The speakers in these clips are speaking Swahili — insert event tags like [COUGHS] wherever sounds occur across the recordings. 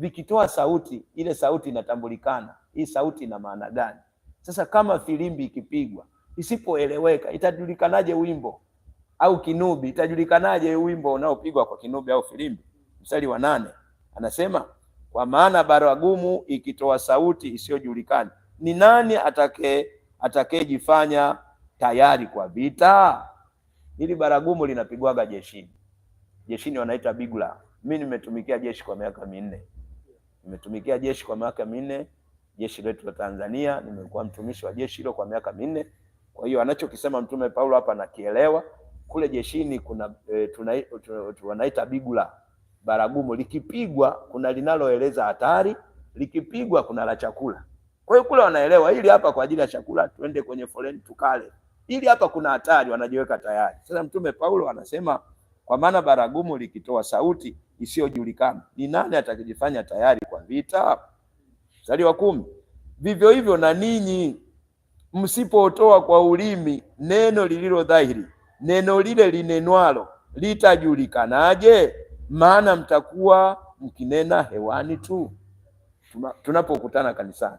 vikitoa sauti, ile sauti inatambulikana, hii sauti ina maana gani? Sasa kama filimbi ikipigwa isipoeleweka, itajulikanaje wimbo au kinubi? Itajulikanaje wimbo unaopigwa kwa kinubi au filimbi? Mstari wa nane anasema kwa maana baragumu ikitoa sauti isiyojulikana, ni nani atake atakayejifanya tayari kwa vita? Hili baragumu linapigwaga jeshini, jeshini wanaita bigla. Mi nimetumikia jeshi kwa miaka minne. Nimetumikia jeshi kwa miaka minne, jeshi letu la Tanzania. Nimekuwa mtumishi wa jeshi hilo kwa miaka minne. Kwa hiyo anachokisema Mtume Paulo hapa nakielewa. Kule jeshini kuna e, tuna, wanaita bigula baragumu, likipigwa kuna linaloeleza hatari, likipigwa kuna la chakula. Kwa hiyo kule wanaelewa ili hapa kwa ajili ya chakula, tuende kwenye foleni tukale, ili hapa kuna hatari, wanajiweka tayari. Sasa Mtume Paulo anasema kwa maana baragumu likitoa sauti isiyojulikana. Ni nani atakijifanya tayari kwa vita? Mstari wa kumi, vivyo hivyo na ninyi msipotoa kwa ulimi neno lililo dhahiri, neno lile linenwalo litajulikanaje? Maana mtakuwa mkinena hewani tu. Tunapokutana kanisani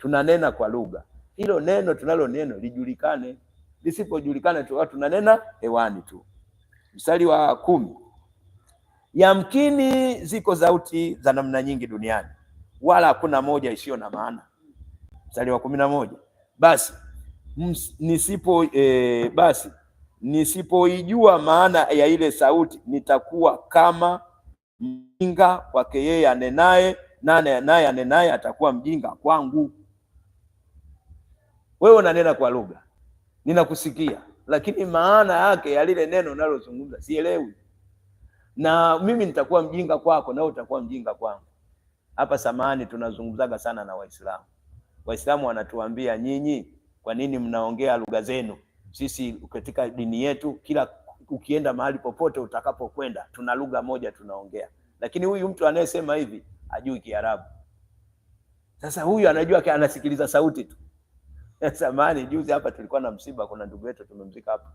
tunanena kwa lugha, hilo neno tunalo neno lijulikane. Lisipojulikana tu tunanena hewani tu. Mstari wa kumi Yamkini ziko sauti za namna nyingi duniani, wala hakuna moja isiyo na maana. Mstari wa kumi na moja basi nisipo e, basi nisipoijua maana ya ile sauti nitakuwa kama mjinga kwake yeye anenaye, naye naye anenaye atakuwa mjinga kwangu. Wewe unanena kwa lugha, ninakusikia, lakini maana yake ya lile neno unalozungumza sielewi na mimi nitakuwa mjinga kwako na wewe utakuwa mjinga kwangu. Hapa samani tunazungumzaga sana na Waislamu. Waislamu wanatuambia nyinyi, kwa nini mnaongea lugha zenu? Sisi katika dini yetu, kila ukienda mahali popote utakapokwenda, tuna lugha moja tunaongea. Lakini huyu mtu anayesema hivi ajui Kiarabu. Sasa huyu anajua, anasikiliza sauti tu. [LAUGHS] Samani juzi hapa tulikuwa na msiba, kuna ndugu yetu tumemzika hapa,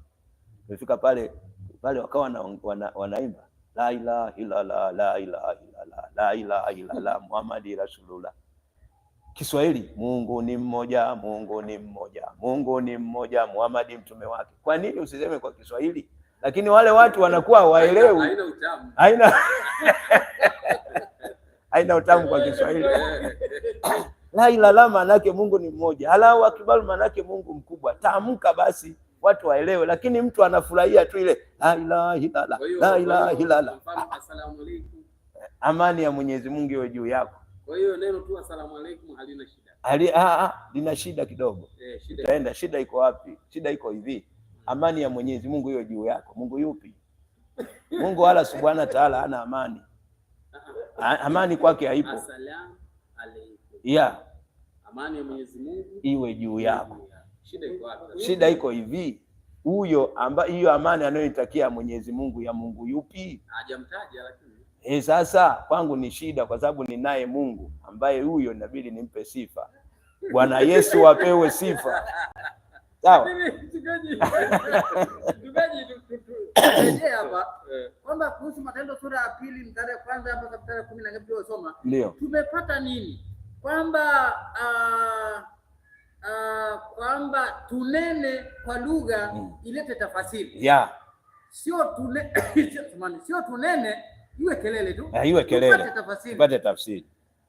tumefika pale pale, wakawa wanaimba wana, wana la ilaha illallah la ilaha illallah la ilaha illallah Muhammadi rasulullah. Kiswahili, Mungu ni mmoja, Mungu ni mmoja, Mungu ni mmoja, Muhammad mtume wake. Kwa nini usiseme kwa Kiswahili? Lakini wale watu wanakuwa hawaelewi, haina utamu, haina [LAUGHS] haina utamu kwa Kiswahili [LAUGHS] la ilaha maanake Mungu ni mmoja, Allahu akbar maanake Mungu mkubwa. Tamka basi watu waelewe, lakini mtu anafurahia tu ile la ilaha illallah la ilaha illallah. Asalamu alaykum, amani ya Mwenyezi Mungu iwe juu yako. Kwa hiyo neno tu asalamu alaykum halina shida, hali a, ah, ah, lina shida kidogo eh, shida itaenda. Shida iko wapi? Shida iko hivi, amani ya Mwenyezi Mungu iwe juu yako. Mungu yupi? Mungu wala subhana ta'ala hana amani, ah, amani kwake haipo. Asalamu alaykum, yeah, amani ya Mwenyezi Mungu iwe juu yako. Shida iko hivi, huyo ambaye hiyo amani anayoitakia Mwenyezi Mungu ya Mungu yupi? Hajamtaja lakini E, sasa kwangu ni shida kwa sababu ninaye Mungu ambaye huyo inabidi nimpe sifa. Bwana Yesu apewe sifa, sawa [LAUGHS] eh. kwamba kuhusu Matendo sura ya pili mstari wa kwanza mpaka mstari wa kumi na ngapi ndio tumepata nini? Kwamba uh, uh, kwamba tunene kwa lugha mm. ilete tafasiri yeah. Sio tune... [COUGHS] sio tunene iwe kelele tu, eh, iwe kelele tupate tafsiri,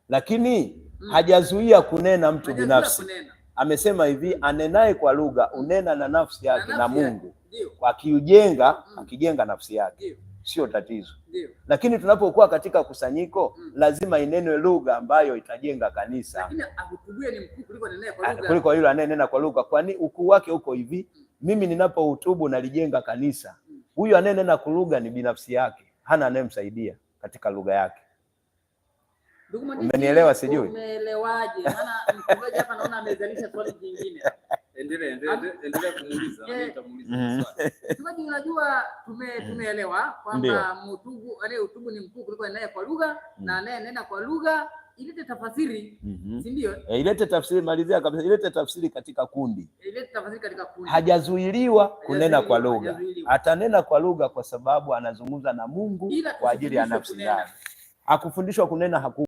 lakini mm. hajazuia kunena mtu hajazuia binafsi kunena. Amesema hivi anenaye kwa lugha mm. unena na nafsi yake na, na Mungu kwa akiujenga mm. akijenga nafsi yake ndio sio tatizo. Ndiyo. Lakini tunapokuwa katika kusanyiko mm. lazima inenwe lugha ambayo itajenga kanisa ah, kuliko yule anayenena kwa lugha, kwani ukuu wake uko hivi mm. mimi ninapohutubu nalijenga kanisa mm. huyu mm. anayenena kwa lugha ni binafsi yake, hana anayemsaidia katika lugha yake. Umenielewa? Sijui umeelewaje? Maana mchungaji hapa naona amezalisha swali jingine. [LAUGHS] Ah. Mchungaji, eh. mm-hmm. unajua mm. tumeelewa kwamba mhutubu anayehutubu ni mkuu kuliko anaye kwa lugha mm. na anayenena kwa lugha ilete tafsiri mm-hmm. si ndio? E, ilete tafsiri, malizia kabisa, ilete tafsiri katika kundi, ilete tafsiri katika kundi. Hajazuiliwa kunena kwa lugha, atanena kwa lugha kwa sababu anazungumza na Mungu kwa ajili ya nafsi yake. akufundishwa kunena haku